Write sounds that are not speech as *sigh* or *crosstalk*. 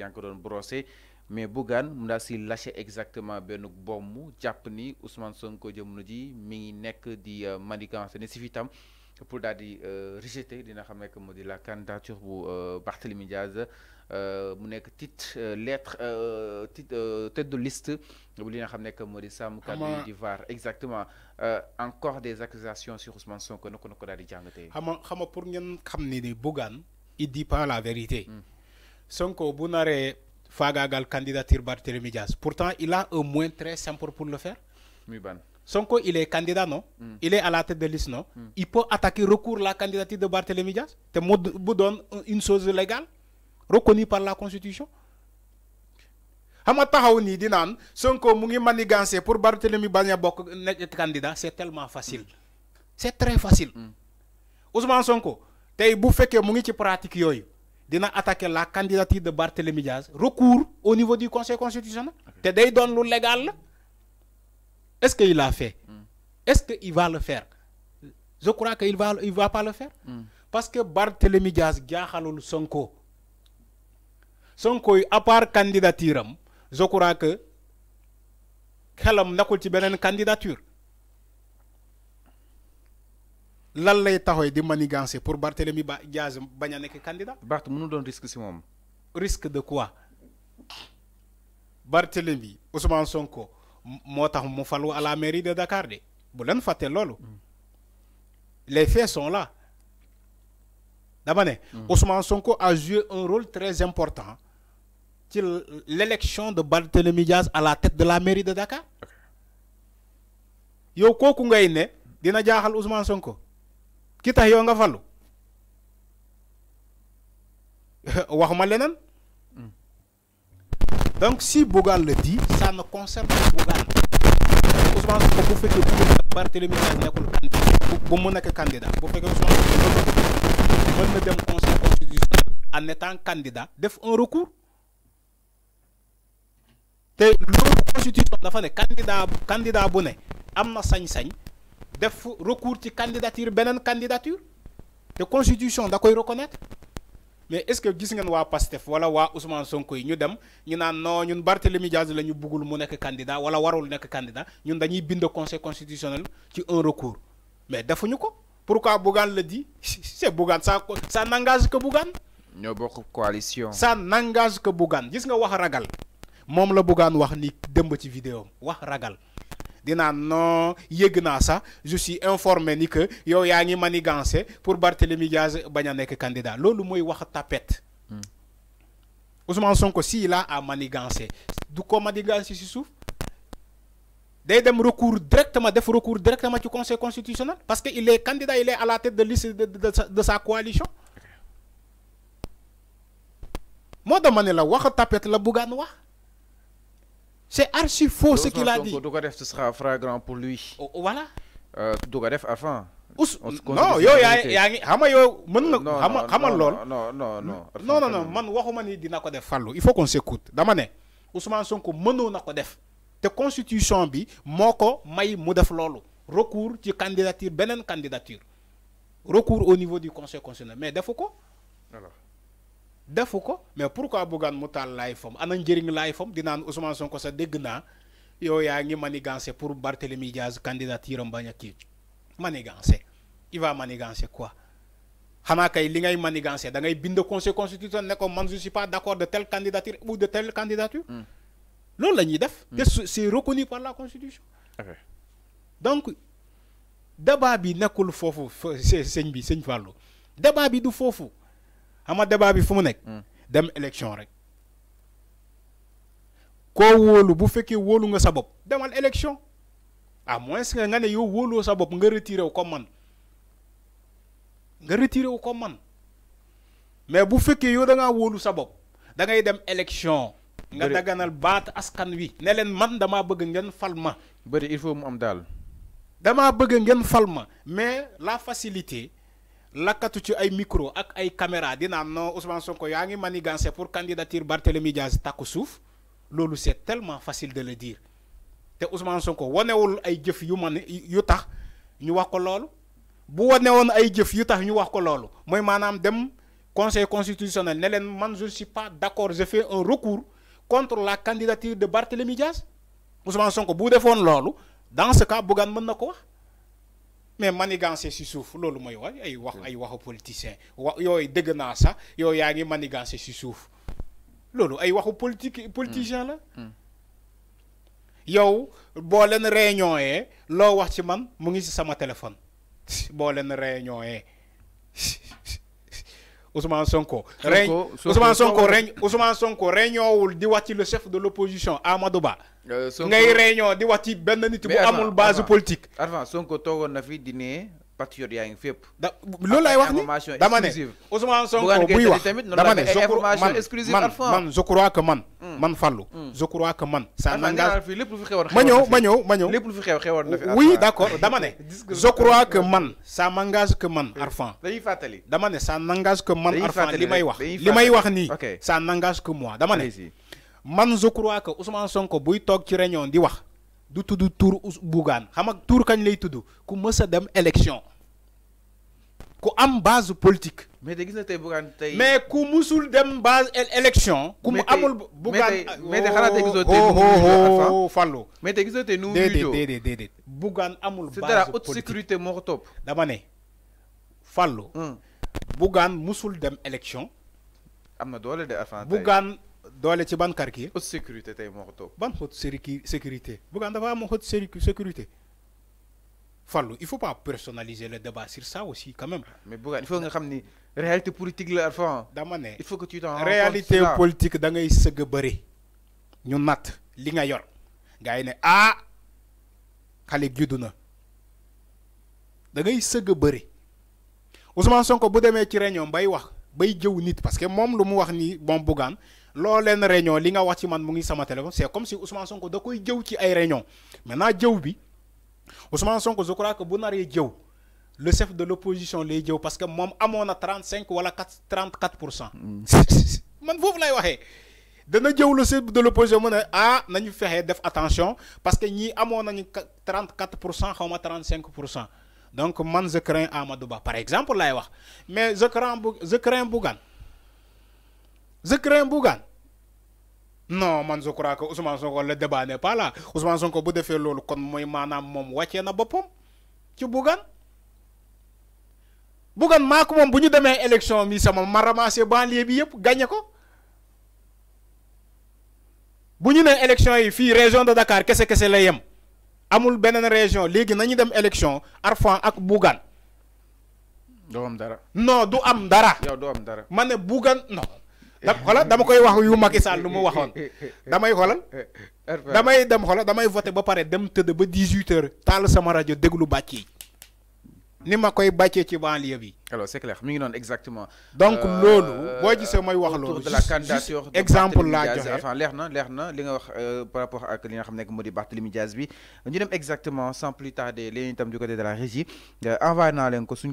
yaa ngi ko mais Bougan, mu si lâché exactement benn bomb jàpp ni Ousmane Sonko jamono ji mi ngi nek di euh, manigance ne si fi pour daal di euh, rejeter dina xam nekk moo la candidature bu euh, Barthélémy Diaz mu nekk titre lettre euh, titre tête de liste bu li nga xam nekk moo di sàmm kàddu yi encore des accusations sur Ousmane Sonko na ko na ko daal di pour ngeen xam ne ni Bougane il dit pas la vérité. Hmm. Sonko bu naree faagaagal candidature Barthélémy Diaz pourtant il a un moins très simple pour le faire. muy Sonko il est candidat non. Mm. il est à la tête de liste non. Mm. il peut attaquer recours la candidature de Barthélémy Diaz te mu bu donne une chose légale reconnue par la constitution. xam taxaw di Sonko mu pour Barthélémy bañ être candidat c'est tellement facile. Mm. C'est très facile. Ousmane Sonko tu bu que mu ngi ci pratique oui dina attaquer la candidature de Barthélémy Diaz recours au niveau du conseil constitutionnel te day donné lu légal est-ce qu'il l'a fait hmm. est-ce qu'il va le faire je crois qu'il ne va il va pas le faire hmm. parce que Barthélémy Diaz jaaxalul Sonko Sonko à part candidature je crois que a nakul ci une candidature lan lay taxoy di manigancer pour Barthélemy Ba Diaz baña nek candidat. Barth mënu don risque si mom risque de quoi Barthélemy Ousmane Sonko motax mu à la mairie de Dakar de bu leen faté hmm. les faits sont là D'abord, hmm. Ousmane Sonko a joué un rôle très important l'élection de Barthélemy Diaz à la tête de la mairie de Dakar Yo kooku ngay ne dina jaxal Ousmane Sonko. Qui t'a fallu donc si Bogal le dit ça ne concerne pas Bogal. Ousmane Sonko candidat candidat constitutionnel en étant candidat def un recours constitution candidat candidat The recours ci candidature candidature constitution da koy reconnaître mais est-ce que gis ngeen PASTEF wala Ousmane Sonko ñu dem ñu nous non Diaz la ñu bëggul mu nekk candidat wala warul candidat ñun dañuy conseil constitutionnel qui un recours mais defuñu quoi pourquoi Bougan le dit *laughs* c'est Bougan ça ça n'engage que ñoo coalition. ça n'engage que Bougan. gis nga ragal ni vidéo ragal dina non yëgg naa je suis informé ni que yow ya ngi manigancé pour Barthélémy Diaz baña nek candidat lolou moy wax tapette hmm. Ousmane Sonko si il a manigancé du ko manigancé si suuf day dem recours directement def recours directement ci conseil constitutionnel parce que il est candidat il est à la tête de liste de de sa coalition moo dama ne wax tapette la buggaan wax c'est archi faux ce qu'il a dit. ce sera fragrant pour lui. Oh, voilà. Euh, enfin. non non non non non non non man ni dina ko def il faut qu'on s'écoute Ousmane Sonko def te constitution bi moko, mu def recours candidature candidature recours au niveau du conseil constitutionnel mais alors defu mais pourquoi bougan mu life fam ana njëriñ laay fam di naan Ousmane Sonko sa dégg naa yow ngi manigancer pour Barthélemy Diaz candidature en bañ a il va manigancer quoi xanaa kay li ngay manigancer da ngay bind conseil constitutionnel ne ko man je suis pas d'accord de telle candidature ou de telle candidature. Hmm. loolu la def. Hmm. c'est reconnu par la constitution. donc débat bi nekkul foofu seigne bi seigne Fallou débat bi du fofu xam débat bi fu hmm. dem élection rek. koo wóolu bu fekkee wóolu nga sa bopp demal élection à moins que nga ne yow wóoloo sa nga retiré comme man nga retiré comme mais bu fekkee yow da ngaa wóolu sa bopp da ngay dem élection. nga daganal baat askan wi. ne man dama bëgg ngeen ma. il faut mu am daal. Vous mais la facilité lakatu ci ay micro ak ay caméra di naan non Ousmane Sonko yaa ngi manigancé pour candidature Barthélémy Diaz takku suuf loolu c'est tellement facile de le dire te Ousmane Sonko wanewul ay jëf yu man yu tax ñu wax ko loolu bu wane woon ay jëf yu tax ñu wax ko loolu mooy maanaam dem conseil constitutionnel ne leen man je ne suis pas d'accord je fais un recours contre la candidature de Barthélémy Diaz Ousmane Sonko bu defoon loolu dans ce cas Bougane mën na ko mais manigancé si suuf loolu mooy wax ay wax ay waxu politicien wa yooyu dëgg naa sax yow yaa ngi manigancé si suuf loolu ay waxu politique politicien la hmm. Hmm. yow boo leen réunion yee loo wax ci man mu ngi si sama téléphone *laughs* boo leen réunion yee *laughs* Ousmane Sonko. réunion Ousmane Sonko règne, Ousmane le chef de l'opposition opposition Amadou Ba. Euh, ngay di politique. avant Sonko na fi patriote yaa ngi fépp. da loolu laay wax ni dama ne Ousmane Sonko buy wax dama ne je man man je crois que man. Hmm. man Fallou. Hmm. je crois que man. ça n'engage lépp lu fi ma ñëw ma ma ñëw. lépp lu fi xew xewoon na fi. oui d'accord dama ne. *laughs* je crois que man ça m'engage que man Arfan. dañuy fàttali dama ne ça n'engage que man. Arfan li may wax li may wax nii. ça n'engage que moi dama ne. man je crois que Ousmane Sonko buy toog ci réunion di wax. du tudd tour tour xam nga tur lay ku dem élection ku base politique. mais te mais ku musul dem base élection. ku amul mais de mais base cest haute sécurité mortop. fallo. Fallo. Hmm. musul dem élection. de doole ci ban quartier. haute sécurité tay moo ban haute sécurité Bougane dafa am haute sécurité fallu il faut pas personnaliser le débat sur ça aussi quand même. mais il faut nga réalité politique la dama il faut que tu t'en réalité politique da ngay sëgg bëri ñu nat li nga yor ah xale juddu da ngay sëgg bëri Ousmane Sonko bu démé ci réunion bay wax bay jëw parce que mom lu mu wax ni bon lolen réunion li nga wax ci man mu sama téléphone c'est comme si Ousmane Sonko da koy jëw ci ay réunion maintenant jëw bi Ousmane Sonko je crois que bu naree jëw le chef de l'opposition lay jëw parce que mom amoon na 35 wala 4 34 mm. *laughs* man fofu lay waxee. dana jëw le chef de l'opposition mu ne ah nañu def attention parce que ñi amoon nañu 34 xawma 35 donc man je crains Amadou Ba par exemple lay mais je crains je crains Bougane je crains Bougane non man je crois que Ousmane Sonko le débat n'est pas là Ousmane Sonko bu defee loolu kon mooy maanaam moom wàccee na boppam ci Bougane Bougane maa ko moom bu ñu élection mi sama ma ramassé banlieue bi gagnez gagné ko bu ñu élection yi fi, région de Dakar qu'est ce que c'est la yem amul beneen région n'a nañu dem élection Arfan ak bougan. doo am dara. non du am dara. yow do am dara. Mane bougan, non da dama koy wax yu Macky Sall lu damay xolal damay dem xolal damay voté ba pare dem ba 18 heures taal sama rajo déglu ni ma koy bàccee ci banlieue bi. alors c'est clair mi ngi exactement. donc euh, loolu wax exemple laa na na li nga wax euh, par rapport ak li nga bi exactement sans plus tarder les itam du côté de la régie euh, envoyé ko